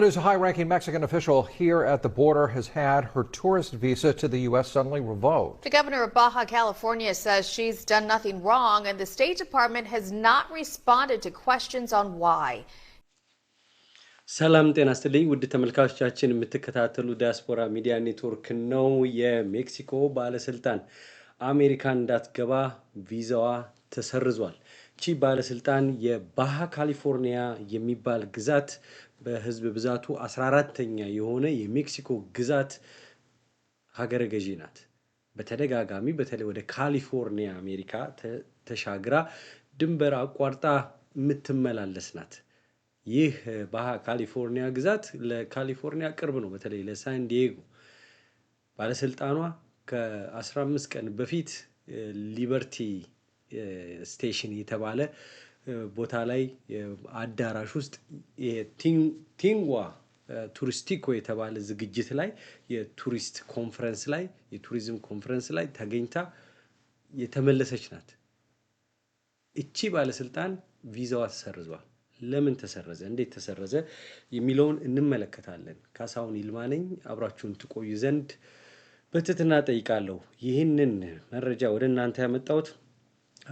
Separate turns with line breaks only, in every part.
the news, a high ranking Mexican official here at the border has had her tourist visa to the U.S. suddenly revoked.
The governor of Baja California says she's done nothing wrong, and the State Department has not responded to questions on why.
ሰላም ጤና ስትልኝ ውድ ተመልካቾቻችን የምትከታተሉ ዲያስፖራ ሚዲያ ኔትወርክ ነው። የሜክሲኮ ባለስልጣን አሜሪካን እንዳትገባ ቪዛዋ ተሰርዟል። ቺ ባለስልጣን የባሃ ካሊፎርኒያ የሚባል ግዛት በህዝብ ብዛቱ 14ተኛ የሆነ የሜክሲኮ ግዛት ሀገረ ገዢ ናት። በተደጋጋሚ በተለይ ወደ ካሊፎርኒያ አሜሪካ ተሻግራ ድንበር አቋርጣ የምትመላለስ ናት። ይህ ባሃ ካሊፎርኒያ ግዛት ለካሊፎርኒያ ቅርብ ነው፣ በተለይ ለሳን ዲዬጎ። ባለስልጣኗ ከ15 ቀን በፊት ሊበርቲ ስቴሽን የተባለ ቦታ ላይ አዳራሽ ውስጥ ቲንጓ ቱሪስቲኮ የተባለ ዝግጅት ላይ የቱሪስት ኮንፈረንስ ላይ የቱሪዝም ኮንፈረንስ ላይ ተገኝታ የተመለሰች ናት። እቺ ባለስልጣን ቪዛዋ ተሰርዟል። ለምን ተሰረዘ? እንዴት ተሰረዘ? የሚለውን እንመለከታለን። ካሳሁን ይልማ ነኝ። አብራችሁን ትቆዩ ዘንድ በትህትና ጠይቃለሁ። ይህንን መረጃ ወደ እናንተ ያመጣሁት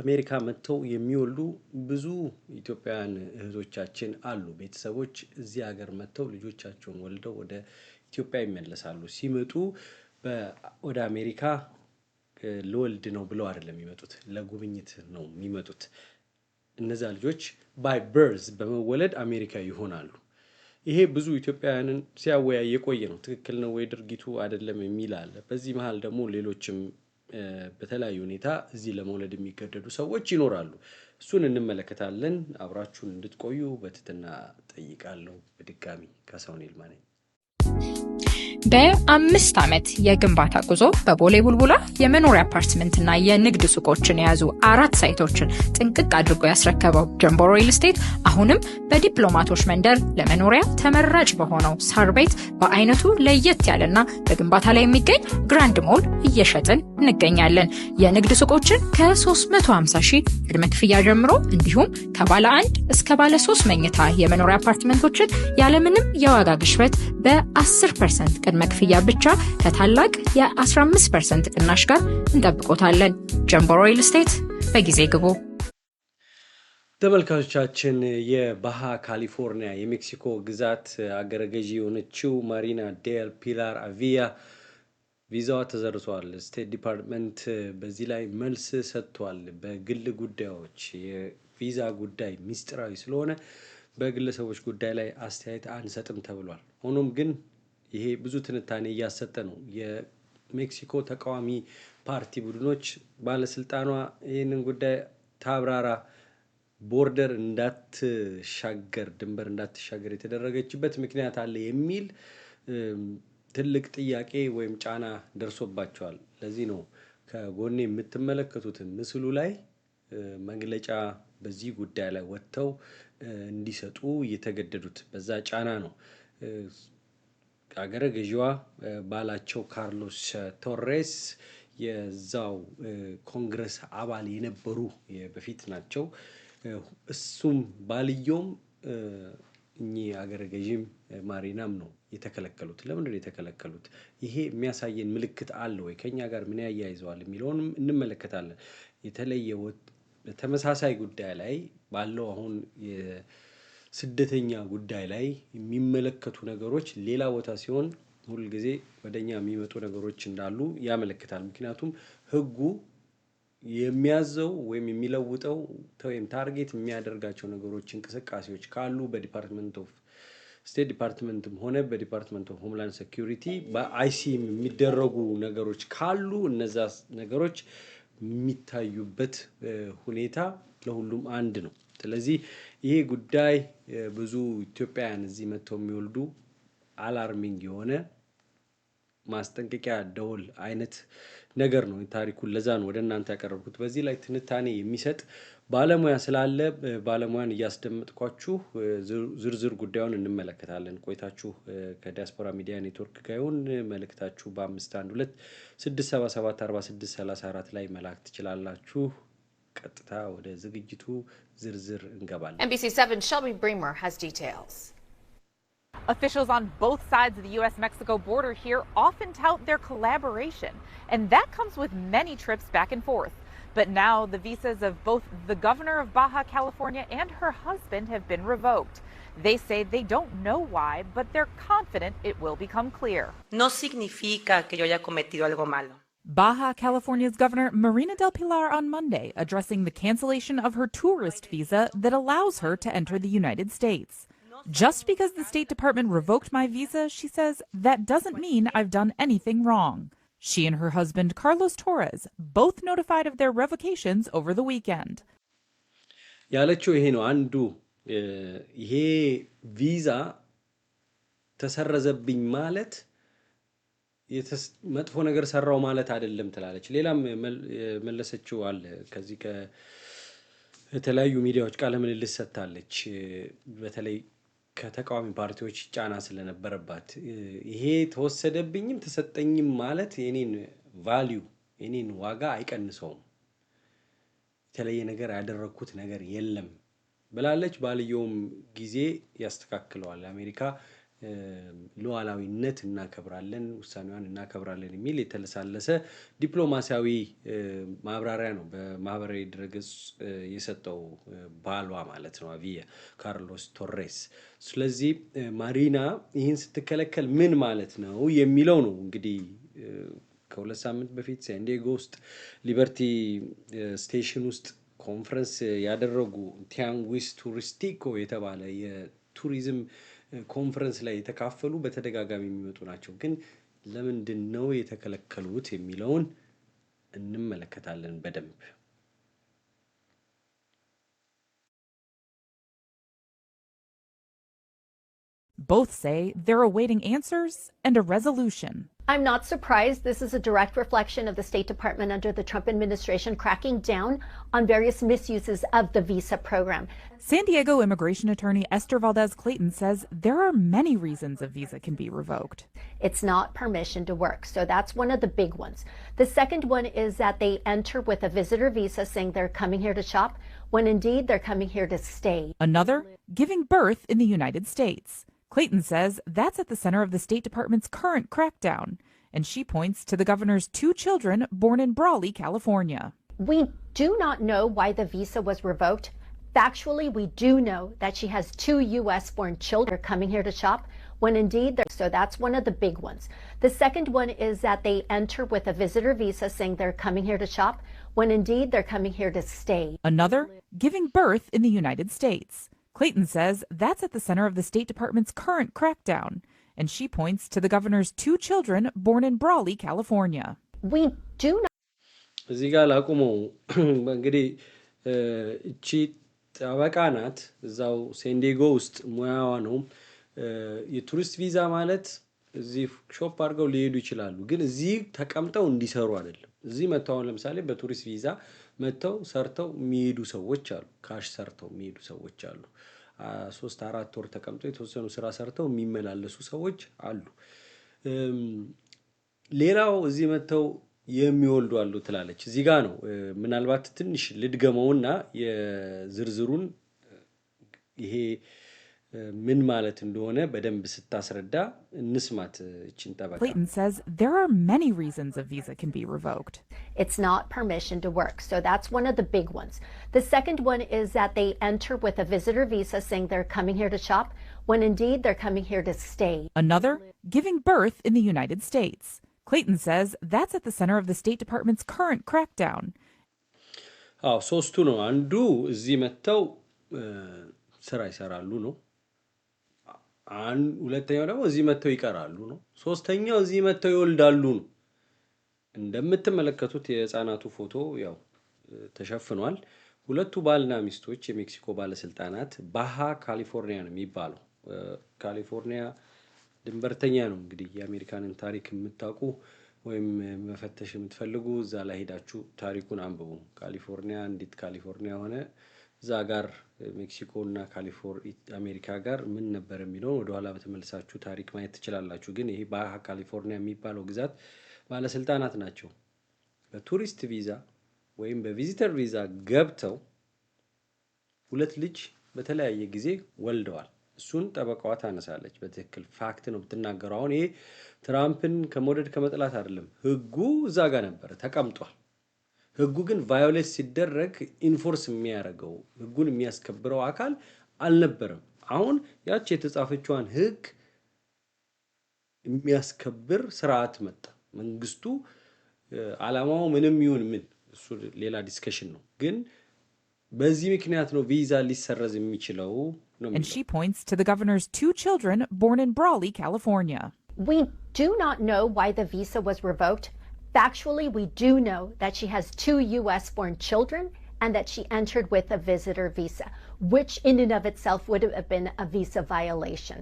አሜሪካ መጥተው የሚወልዱ ብዙ ኢትዮጵያውያን እህቶቻችን አሉ። ቤተሰቦች እዚህ ሀገር መጥተው ልጆቻቸውን ወልደው ወደ ኢትዮጵያ ይመለሳሉ። ሲመጡ ወደ አሜሪካ ልወልድ ነው ብለው አይደለም የሚመጡት ለጉብኝት ነው የሚመጡት። እነዛ ልጆች ባይ በርዝ በመወለድ አሜሪካ ይሆናሉ። ይሄ ብዙ ኢትዮጵያውያንን ሲያወያይ የቆየ ነው። ትክክል ነው ወይ ድርጊቱ አይደለም የሚል አለ። በዚህ መሀል ደግሞ ሌሎችም በተለያዩ ሁኔታ እዚህ ለመውለድ የሚገደዱ ሰዎች ይኖራሉ። እሱን እንመለከታለን። አብራችሁን እንድትቆዩ በትህትና ጠይቃለሁ። በድጋሚ ካሳሁን ይልማ ነኝ።
በአምስት ዓመት የግንባታ ጉዞ በቦሌ ቡልቡላ የመኖሪያ አፓርትመንትና የንግድ ሱቆችን የያዙ አራት ሳይቶችን ጥንቅቅ አድርጎ ያስረከበው ጀምቦ ሪል ስቴት አሁንም በዲፕሎማቶች መንደር ለመኖሪያ ተመራጭ በሆነው ሳር ቤት በአይነቱ ለየት ያለና በግንባታ ላይ የሚገኝ ግራንድ ሞል እየሸጥን እንገኛለን። የንግድ ሱቆችን ከ350 ሺህ ቅድመ ክፍያ ጀምሮ እንዲሁም ከባለ አንድ እስከ ባለ ሶስት መኝታ የመኖሪያ አፓርትመንቶችን ያለምንም የዋጋ ግሽበት በ10 ፐርሰንት ቅድመ ክፍያ ብቻ ከታላቅ የ15 ፐርሰንት ቅናሽ ጋር እንጠብቆታለን። ጀምቦ ሪል ስቴት በጊዜ ግቡ።
ተመልካቾቻችን የባሃ ካሊፎርኒያ የሜክሲኮ ግዛት አገረ ገዢ የሆነችው ማሪና ዴል ፒላር አቪያ ቪዛዋ ተዘርቷል። ስቴት ዲፓርትመንት በዚህ ላይ መልስ ሰጥቷል። በግል ጉዳዮች የቪዛ ጉዳይ ሚስጢራዊ ስለሆነ በግለሰቦች ጉዳይ ላይ አስተያየት አንሰጥም ተብሏል። ሆኖም ግን ይሄ ብዙ ትንታኔ እያሰጠ ነው። የሜክሲኮ ተቃዋሚ ፓርቲ ቡድኖች ባለስልጣኗ ይህንን ጉዳይ ታብራራ፣ ቦርደር እንዳትሻገር ድንበር እንዳትሻገር የተደረገችበት ምክንያት አለ የሚል ትልቅ ጥያቄ ወይም ጫና ደርሶባቸዋል። ለዚህ ነው ከጎኔ የምትመለከቱትን ምስሉ ላይ መግለጫ በዚህ ጉዳይ ላይ ወጥተው እንዲሰጡ እየተገደዱት በዛ ጫና ነው። አገረ ገዢዋ ባላቸው ካርሎስ ቶሬስ የዛው ኮንግረስ አባል የነበሩ በፊት ናቸው። እሱም ባልየውም እኚህ አገረ ገዢም ማሪናም ነው የተከለከሉት። ለምንድን ነው የተከለከሉት? ይሄ የሚያሳየን ምልክት አለ ወይ? ከኛ ጋር ምን ያያይዘዋል የሚለውንም እንመለከታለን። የተለየ ተመሳሳይ ጉዳይ ላይ ባለው አሁን ስደተኛ ጉዳይ ላይ የሚመለከቱ ነገሮች ሌላ ቦታ ሲሆን ሁልጊዜ ወደ የሚመጡ ነገሮች እንዳሉ ያመለክታል። ምክንያቱም ህጉ የሚያዘው ወይም የሚለውጠው ወይም ታርጌት የሚያደርጋቸው ነገሮች እንቅስቃሴዎች ካሉ በዲፓርትመንት ኦፍ ስቴት ዲፓርትመንትም ሆነ በዲፓርትመንት ኦፍ ሆምላንድ ሴኩሪቲ በአይሲም የሚደረጉ ነገሮች ካሉ እነዛ ነገሮች የሚታዩበት ሁኔታ ለሁሉም አንድ ነው ስለዚህ ይሄ ጉዳይ ብዙ ኢትዮጵያውያን እዚህ መጥተው የሚወልዱ አላርሚንግ የሆነ ማስጠንቀቂያ ደወል አይነት ነገር ነው። ታሪኩን ለዛ ነው ወደ እናንተ ያቀረብኩት። በዚህ ላይ ትንታኔ የሚሰጥ ባለሙያ ስላለ ባለሙያን እያስደመጥኳችሁ ዝርዝር ጉዳዩን እንመለከታለን። ቆይታችሁ ከዲያስፖራ ሚዲያ ኔትወርክ ጋር ይሁን። መልእክታችሁ በአምስት አንድ ሁለት ስድስት ሰባ ሰባት አርባ ስድስት ሰላሳ አራት ላይ መላክ ትችላላችሁ። ቀጥታ ወደ ዝግጅቱ ዝርዝር እንገባለን።
NBC7 Shelby Bremer has details.
Officials on both sides of the U.S. Mexico border here often tout their collaboration, and that comes with many trips back and forth. But now the visas of both the governor of Baja California and her husband have been revoked. They say they don't know why, but they're confident it will become clear.
No significa que yo haya cometido algo malo.
Baja California's Governor Marina del Pilar on Monday addressing the cancellation of her tourist visa that allows her to enter the United States. Just because the State Department revoked my visa, she says, that doesn't mean I've done anything wrong. She and her husband, Carlos Torres, both notified of their revocations over the weekend.
ያለችው ይሄ ነው አንዱ ይሄ ቪዛ ተሰረዘብኝ ማለት መጥፎ ነገር ሰራው ማለት አይደለም ትላለች። ሌላም የመለሰችው አለ ከዚህ ከተለያዩ ሚዲያዎች ቃለ ምልልስ ሰጥታለች። በተለይ ከተቃዋሚ ፓርቲዎች ጫና ስለነበረባት ይሄ ተወሰደብኝም ተሰጠኝም ማለት የኔን ቫሊዩ የኔን ዋጋ አይቀንሰውም፣ የተለየ ነገር ያደረግኩት ነገር የለም ብላለች። ባልየውም ጊዜ ያስተካክለዋል አሜሪካ ሉዓላዊነት እናከብራለን ውሳኔዋን እናከብራለን የሚል የተለሳለሰ ዲፕሎማሲያዊ ማብራሪያ ነው በማህበራዊ ድረገጽ የሰጠው ባሏ ማለት ነው አቪየ ካርሎስ ቶሬስ። ስለዚህ ማሪና ይህን ስትከለከል ምን ማለት ነው የሚለው ነው እንግዲህ ከሁለት ሳምንት በፊት ሳንዲያጎ ውስጥ ሊበርቲ ስቴሽን ውስጥ ኮንፈረንስ ያደረጉ ቲያንጉስ ቱሪስቲኮ የተባለ የቱሪዝም ኮንፈረንስ ላይ የተካፈሉ በተደጋጋሚ የሚመጡ ናቸው። ግን ለምንድን ነው የተከለከሉት የሚለውን እንመለከታለን በደንብ።
Both say they're awaiting answers and a resolution.
I'm not surprised. This is a direct reflection of the State Department under the Trump administration cracking down on various misuses of the visa program.
San Diego immigration attorney Esther Valdez Clayton says there are many reasons a visa can be revoked.
It's not permission to work. So that's one of the big ones. The second one is that they enter with a visitor visa saying they're coming here to shop when indeed they're coming here to stay.
Another, giving birth in the United States. Clayton says that's at the center of the State Department's current crackdown, and she points to the governor's two children born in Brawley, California.
We do not know why the visa was revoked. Factually, we do know that she has two U.S. born children coming here to shop when indeed they're so that's one of the big ones the second one is that they enter with a visitor visa saying they're coming here to shop when indeed they're coming here to stay
another giving birth in the united states Clayton says that's at the center of the State Department's current crackdown, and she points to the governor's two children born in Brawley, California.
We do not.
እዚህ ጋር ላቁመው። እንግዲህ እቺ ጠበቃ ናት፣ እዛው ሴንዲጎ ውስጥ ሙያዋ ነው። የቱሪስት ቪዛ ማለት እዚህ ሾፕ አድርገው ሊሄዱ ይችላሉ፣ ግን እዚህ ተቀምጠው እንዲሰሩ አይደለም። እዚህ መተው አሁን ለምሳሌ በቱሪስት ቪዛ መጥተው ሰርተው የሚሄዱ ሰዎች አሉ። ካሽ ሰርተው የሚሄዱ ሰዎች አሉ። ሶስት አራት ወር ተቀምጠው የተወሰኑ ስራ ሰርተው የሚመላለሱ ሰዎች አሉ። ሌላው እዚህ መጥተው የሚወልዱ አሉ ትላለች። እዚህ ጋ ነው ምናልባት ትንሽ ልድገመውና የዝርዝሩን ይሄ ምን ማለት እንደሆነ በደንብ ስታስረዳ እንስማት። እችን ጠበቃ
Clayton says there are many reasons a visa can be revoked.
It's not permission to work, so that's one of the big ones. The second one is that they enter with a visitor visa saying they're coming here to shop, when indeed they're coming here to stay.
Another, giving birth in the United States. Clayton says that's at the center of the State Department's current crackdown.
አዎ ሶስቱ ነው። አንዱ እዚህ መጥተው ስራ ይሰራሉ ነው ሁለተኛው ደግሞ እዚህ መጥተው ይቀራሉ ነው። ሶስተኛው እዚህ መጥተው ይወልዳሉ ነው። እንደምትመለከቱት የህፃናቱ ፎቶ ያው ተሸፍኗል። ሁለቱ ባልና ሚስቶች የሜክሲኮ ባለስልጣናት ባሃ ካሊፎርኒያ ነው የሚባለው። ካሊፎርኒያ ድንበርተኛ ነው። እንግዲህ የአሜሪካንን ታሪክ የምታውቁ ወይም መፈተሽ የምትፈልጉ እዛ ላይ ሄዳችሁ ታሪኩን አንብቡ። ካሊፎርኒያ እንዴት ካሊፎርኒያ ሆነ እዛ ጋር ሜክሲኮ እና ካሊፎር አሜሪካ ጋር ምን ነበር የሚለውን ወደኋላ በተመልሳችሁ ታሪክ ማየት ትችላላችሁ። ግን ይሄ ባሃ ካሊፎርኒያ የሚባለው ግዛት ባለስልጣናት ናቸው በቱሪስት ቪዛ ወይም በቪዚተር ቪዛ ገብተው ሁለት ልጅ በተለያየ ጊዜ ወልደዋል። እሱን ጠበቃዋ ታነሳለች። በትክክል ፋክት ነው ብትናገረው። አሁን ይሄ ትራምፕን ከመውደድ ከመጥላት አይደለም፣ ህጉ እዛ ጋር ነበር ተቀምጧል። ህጉ ግን ቫዮሌት ሲደረግ ኢንፎርስ የሚያደርገው ህጉን የሚያስከብረው አካል አልነበረም። አሁን ያች የተጻፈችዋን ህግ የሚያስከብር ስርዓት መጣ። መንግስቱ አላማው ምንም ይሁን ምን እሱ ሌላ ዲስከሽን ነው፣ ግን በዚህ ምክንያት ነው ቪዛ ሊሰረዝ የሚችለው
ነው። And she points to the governor's two children born in Brawley, California.
We do not know why the visa was revoked. Factually, we do know that she has two U.S. born children and that she entered with a visitor visa, which in and of itself would have been a visa violation.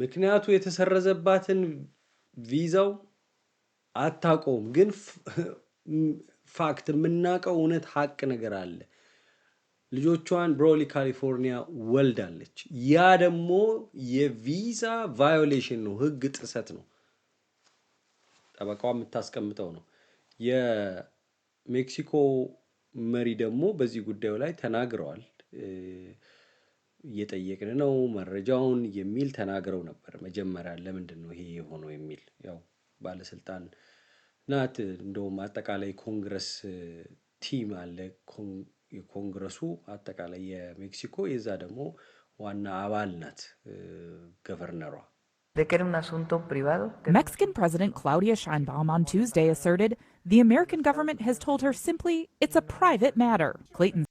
ምክንያቱ የተሰረዘባትን ቪዛው አታውቀውም፣ ግን ፋክት የምናውቀው እውነት ሀቅ ነገር አለ። ልጆቿን ብሮሊ ካሊፎርኒያ ወልዳለች። ያ ደግሞ የቪዛ ቫዮሌሽን ነው፣ ህግ ጥሰት ነው። ጠበቃዋ የምታስቀምጠው ነው። የሜክሲኮ መሪ ደግሞ በዚህ ጉዳዩ ላይ ተናግረዋል። እየጠየቅን ነው መረጃውን የሚል ተናግረው ነበር። መጀመሪያ ለምንድን ነው ይሄ የሆነው የሚል ያው ባለስልጣን ናት። እንደውም አጠቃላይ ኮንግረስ ቲም አለ። የኮንግረሱ አጠቃላይ የሜክሲኮ የዛ ደግሞ ዋና አባል ናት ገቨርነሯ
Mexican
President Claudia Sheinbaum on Tuesday asserted the American government has told her simply it's a private matter. Clayton.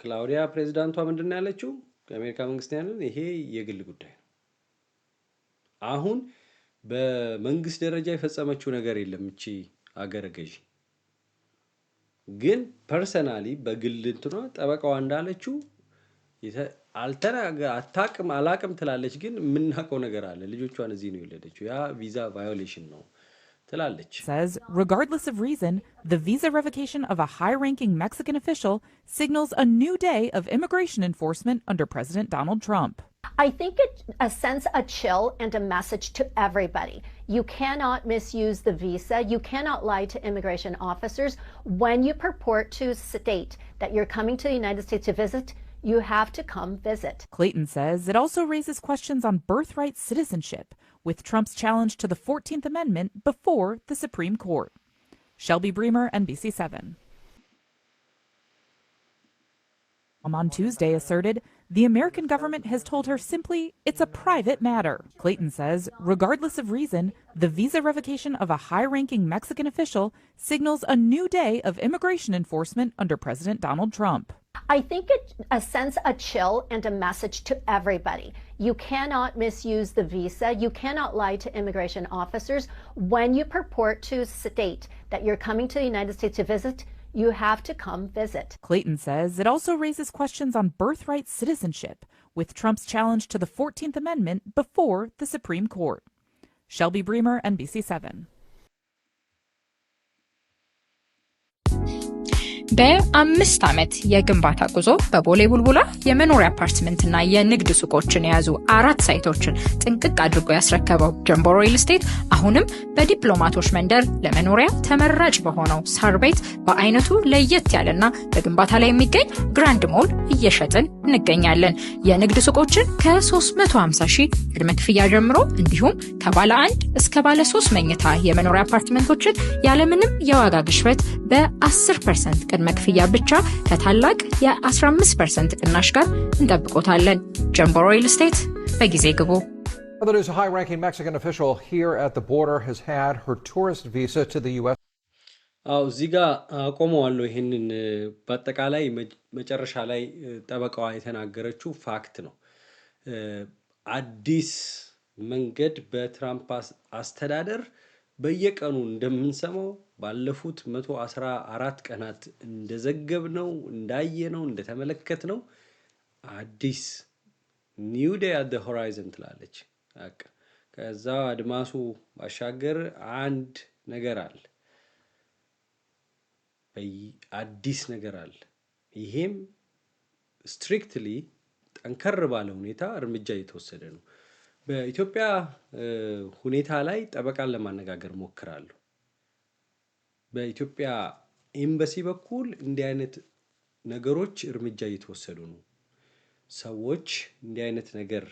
ክላውዲያ ፕሬዚዳንቷ አሁን በመንግስት ደረጃ የፈጸመችው ነገር የለም። እቺ አገረ ገዢ ግን ፐርሰናሊ በግል እንትኗ ጠበቃዋ እንዳለችው አታቅም አላቅም ትላለች፣ ግን የምናውቀው ነገር አለ። ልጆቿን እዚህ ነው የወለደችው። ያ ቪዛ ቫዮሌሽን ነው ትላለች።
says regardless of reason the visa revocation of a high-ranking Mexican official signals a new day of immigration enforcement under President Donald Trump.
I think it sends a chill and a message to everybody. You cannot misuse the visa. You cannot lie to immigration officers when you purport to state that you're coming to the United States to visit you have to come visit.
Clayton says it also raises questions on birthright citizenship, with Trump's challenge to the 14th Amendment before the Supreme Court. Shelby Bremer, NBC7. On Tuesday, asserted the American government has told her simply it's a private matter. Clayton says, regardless of reason, the visa revocation of a high ranking Mexican official signals a new day of immigration enforcement under President Donald Trump.
I think it sends a chill and a message to everybody. You cannot misuse the visa. You cannot lie to immigration officers. When you purport to state that you're coming to the United States to visit, you have to come visit.
Clayton says it also raises questions on birthright citizenship with Trump's challenge to the 14th Amendment before the Supreme Court. Shelby Bremer, NBC7.
በአምስት ዓመት የግንባታ ጉዞ በቦሌ ቡልቡላ የመኖሪያ አፓርትመንትና የንግድ ሱቆችን የያዙ አራት ሳይቶችን ጥንቅቅ አድርጎ ያስረከበው ጀምቦ ሪል ስቴት አሁንም በዲፕሎማቶች መንደር ለመኖሪያ ተመራጭ በሆነው ሳር ቤት በአይነቱ ለየት ያለና በግንባታ ላይ የሚገኝ ግራንድ ሞል እየሸጥን እንገኛለን። የንግድ ሱቆችን ከ350 ሺህ ቅድመ ክፍያ ጀምሮ እንዲሁም ከባለ አንድ እስከ ባለ ሶስት መኝታ የመኖሪያ አፓርትመንቶችን ያለምንም የዋጋ ግሽበት በ10 ፐርሰንት ቅድመ ክፍያ ብቻ ከታላቅ የ15 ፐርሰንት ቅናሽ ጋር እንጠብቆታለን። ጀምቦ ሪል ስቴት በጊዜ ግቡ።
አው እዚህ ጋር አቆመዋለሁ። ይህንን በአጠቃላይ መጨረሻ ላይ ጠበቃዋ የተናገረችው ፋክት ነው። አዲስ መንገድ በትራምፕ አስተዳደር በየቀኑ እንደምንሰማው ባለፉት መቶ አስራ አራት ቀናት ነው እንደተመለከት ነው አዲስ ኒው ዴይ አት ዘ ሆራይዘን ትላለች። ከዛ አድማሱ ባሻገር አንድ ነገር አለ፣ አዲስ ነገር አለ። ይሄም ስትሪክትሊ ጠንከር ባለ ሁኔታ እርምጃ እየተወሰደ ነው። በኢትዮጵያ ሁኔታ ላይ ጠበቃን ለማነጋገር ሞክራለሁ። በኢትዮጵያ ኤምባሲ በኩል እንዲህ አይነት ነገሮች እርምጃ እየተወሰዱ ነው። ሰዎች እንዲህ አይነት ነገር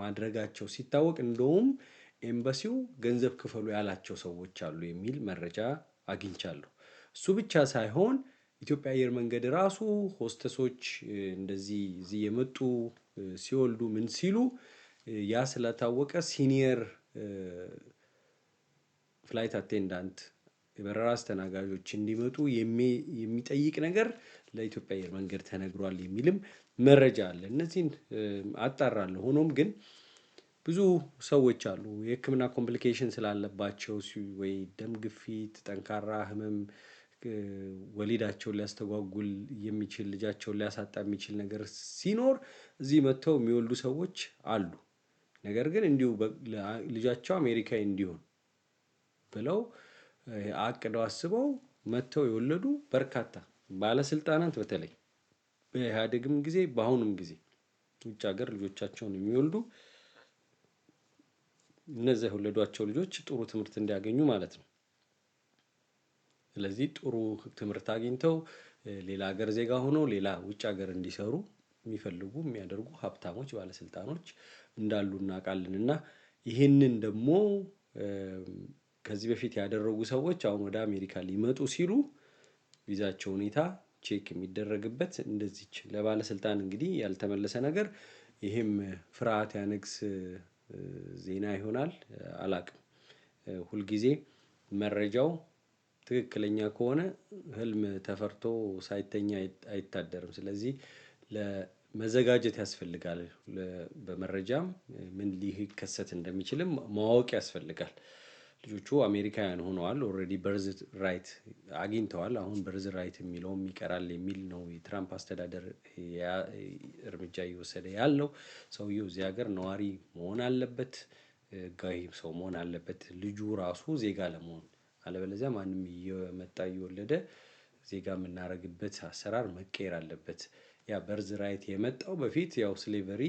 ማድረጋቸው ሲታወቅ እንደውም ኤምባሲው ገንዘብ ክፈሉ ያላቸው ሰዎች አሉ የሚል መረጃ አግኝቻለሁ። እሱ ብቻ ሳይሆን ኢትዮጵያ አየር መንገድ ራሱ ሆስተሶች እንደዚህ እዚህ የመጡ ሲወልዱ ምን ሲሉ ያ ስለታወቀ ሲኒየር ፍላይት አቴንዳንት የበረራ አስተናጋጆች እንዲመጡ የሚጠይቅ ነገር ለኢትዮጵያ አየር መንገድ ተነግሯል የሚልም መረጃ አለ። እነዚህን አጣራለሁ። ሆኖም ግን ብዙ ሰዎች አሉ የሕክምና ኮምፕሊኬሽን ስላለባቸው ወይ ደም ግፊት፣ ጠንካራ ህመም ወሊዳቸውን ሊያስተጓጉል የሚችል ልጃቸውን ሊያሳጣ የሚችል ነገር ሲኖር እዚህ መጥተው የሚወልዱ ሰዎች አሉ። ነገር ግን እንዲሁ ልጃቸው አሜሪካዊ እንዲሆን ብለው አቅደው አስበው መጥተው የወለዱ በርካታ ባለስልጣናት በተለይ በኢህአዴግም ጊዜ በአሁኑም ጊዜ ውጭ ሀገር ልጆቻቸውን የሚወልዱ እነዚያ የወለዷቸው ልጆች ጥሩ ትምህርት እንዲያገኙ ማለት ነው። ስለዚህ ጥሩ ትምህርት አግኝተው ሌላ ሀገር ዜጋ ሆነው ሌላ ውጭ ሀገር እንዲሰሩ የሚፈልጉ የሚያደርጉ ሀብታሞች፣ ባለስልጣኖች እንዳሉ እናውቃለን እና ይህንን ደግሞ ከዚህ በፊት ያደረጉ ሰዎች አሁን ወደ አሜሪካ ሊመጡ ሲሉ ቪዛቸው ሁኔታ ቼክ የሚደረግበት እንደዚች ለባለስልጣን እንግዲህ ያልተመለሰ ነገር ይህም ፍርሃት ያነግስ ዜና ይሆናል። አላቅም። ሁልጊዜ መረጃው ትክክለኛ ከሆነ ህልም ተፈርቶ ሳይተኛ አይታደርም። ስለዚህ ለመዘጋጀት ያስፈልጋል። በመረጃም ምን ሊከሰት እንደሚችልም ማወቅ ያስፈልጋል። ልጆቹ አሜሪካውያን ሆነዋል። ኦልሬዲ በርዝ ራይት አግኝተዋል። አሁን በርዝ ራይት የሚለውም ይቀራል የሚል ነው የትራምፕ አስተዳደር እርምጃ እየወሰደ ያለው። ሰውየው እዚህ ሀገር ነዋሪ መሆን አለበት፣ ህጋዊ ሰው መሆን አለበት ልጁ ራሱ ዜጋ ለመሆን አለበለዚያ ማንም እየመጣ እየወለደ ዜጋ የምናደርግበት አሰራር መቀየር አለበት። ያ በርዝ ራይት የመጣው በፊት ያው ስሌቨሪ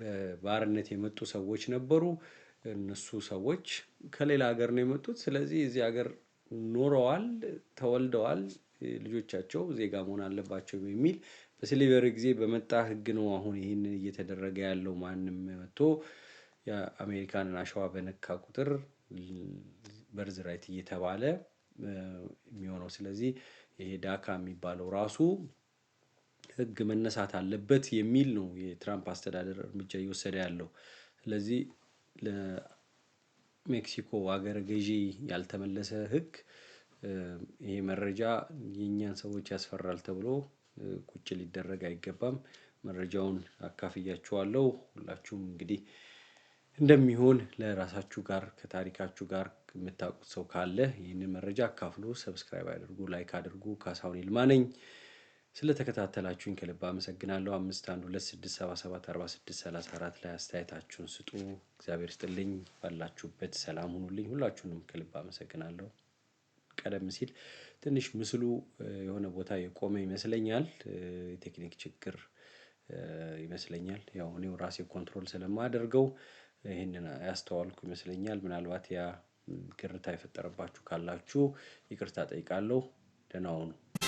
በባርነት የመጡ ሰዎች ነበሩ። እነሱ ሰዎች ከሌላ ሀገር ነው የመጡት። ስለዚህ እዚህ ሀገር ኖረዋል ተወልደዋል ልጆቻቸው ዜጋ መሆን አለባቸው የሚል በስሊቨሪ ጊዜ በመጣ ህግ ነው አሁን ይህንን እየተደረገ ያለው። ማንም መጥቶ የአሜሪካንን አሸዋ በነካ ቁጥር በርዝ ራይት እየተባለ የሚሆነው ስለዚህ ይሄ ዳካ የሚባለው ራሱ ህግ መነሳት አለበት የሚል ነው የትራምፕ አስተዳደር እርምጃ እየወሰደ ያለው። ስለዚህ ለሜክሲኮ ሀገረ ገዢ ያልተመለሰ ህግ ይሄ መረጃ የእኛን ሰዎች ያስፈራል ተብሎ ቁጭ ሊደረግ አይገባም። መረጃውን አካፍያችኋለሁ ሁላችሁም እንግዲህ እንደሚሆን ለራሳችሁ ጋር ከታሪካችሁ ጋር የምታውቁት ሰው ካለ ይህንን መረጃ አካፍሉ፣ ሰብስክራይብ አድርጉ፣ ላይክ አድርጉ። ካሳሁን ይልማ ነኝ። ስለተከታተላችሁኝ ከልብ አመሰግናለሁ። አምስት አንድ ሁለት ስድስት ሰባ ሰባት አርባ ስድስት ሰላሳ አራት ላይ አስተያየታችሁን ስጡ። እግዚአብሔር ስጥልኝ። ባላችሁበት ሰላም ሁኑልኝ። ሁላችሁንም ከልብ አመሰግናለሁ። ቀደም ሲል ትንሽ ምስሉ የሆነ ቦታ የቆመ ይመስለኛል። የቴክኒክ ችግር ይመስለኛል። ያው እኔው ራሴ ኮንትሮል ስለማደርገው ይህንን ያስተዋልኩ ይመስለኛል። ምናልባት ያ ግርታ የፈጠረባችሁ ካላችሁ ይቅርታ ጠይቃለሁ። ደህና ሁኑ።